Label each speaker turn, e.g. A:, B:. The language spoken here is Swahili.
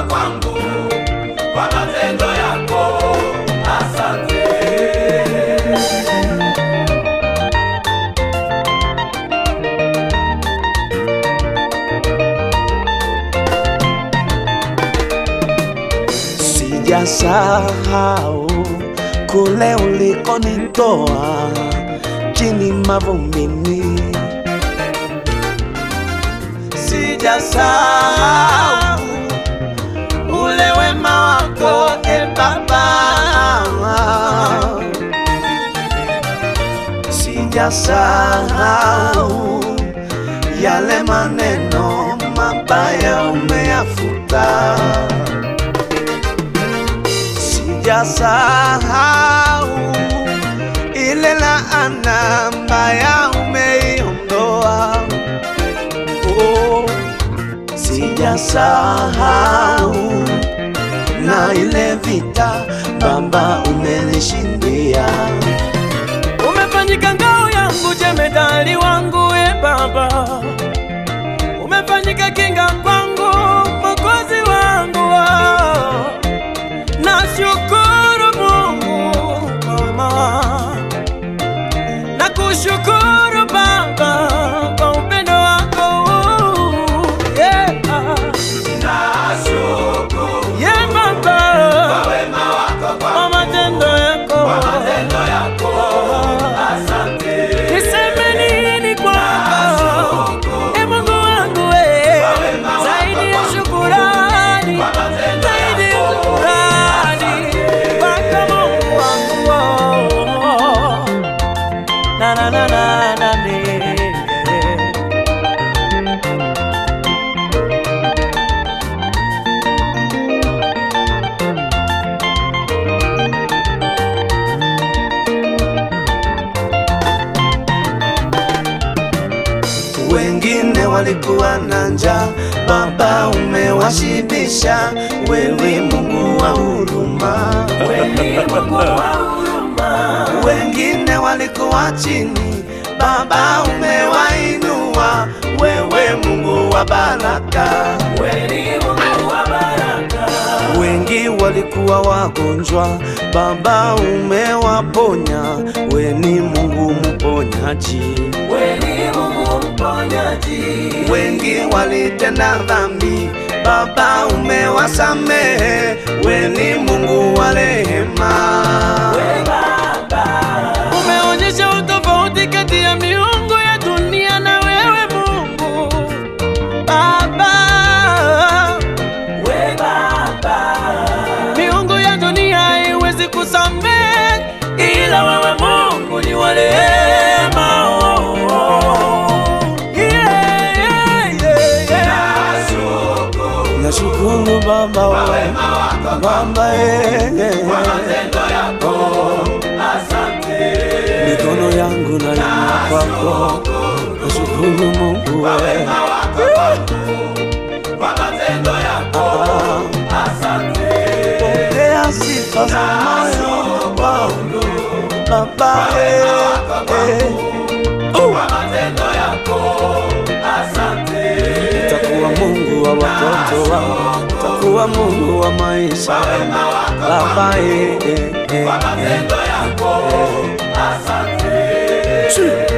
A: kuokoa kwangu kwa matendo yako, asante. Sijasahau kule ulikonitoa chini mavumbini, sijasahau utasahau yale maneno mabaya umeyafuta. Sijasahau ile laana mbaya umeiondoa. Oh, sijasahau na ile vita baba umenishindia
B: umefanyika Jemedari wangu e Baba, umefanyika kinga kwangu
A: walikuwa na njaa, Baba umewashibisha. Wewe Mungu wa huruma,
C: wewe Mungu wa huruma.
A: wengine walikuwa chini, Baba umewainua. Wewe Mungu wa baraka wewe walikuwa wagonjwa, Baba umewaponya. We ni Mungu mponyaji,
C: we ni Mungu mponyaji.
A: Wengi walitenda dhambi, Baba umewasamehe. We ni Mungu wa rehema. mwamba mwamba, eh, eh,
C: eh.
A: mikono yangu na inua kwako, nashukuru Mungu
C: pokea
A: sifa za moyo
C: wangu
A: Baba, utakuwa oh. Mungu wa watoto wangu kuwa Mungu wa maisha,
C: Baba eh, eh, eh, eh, eh.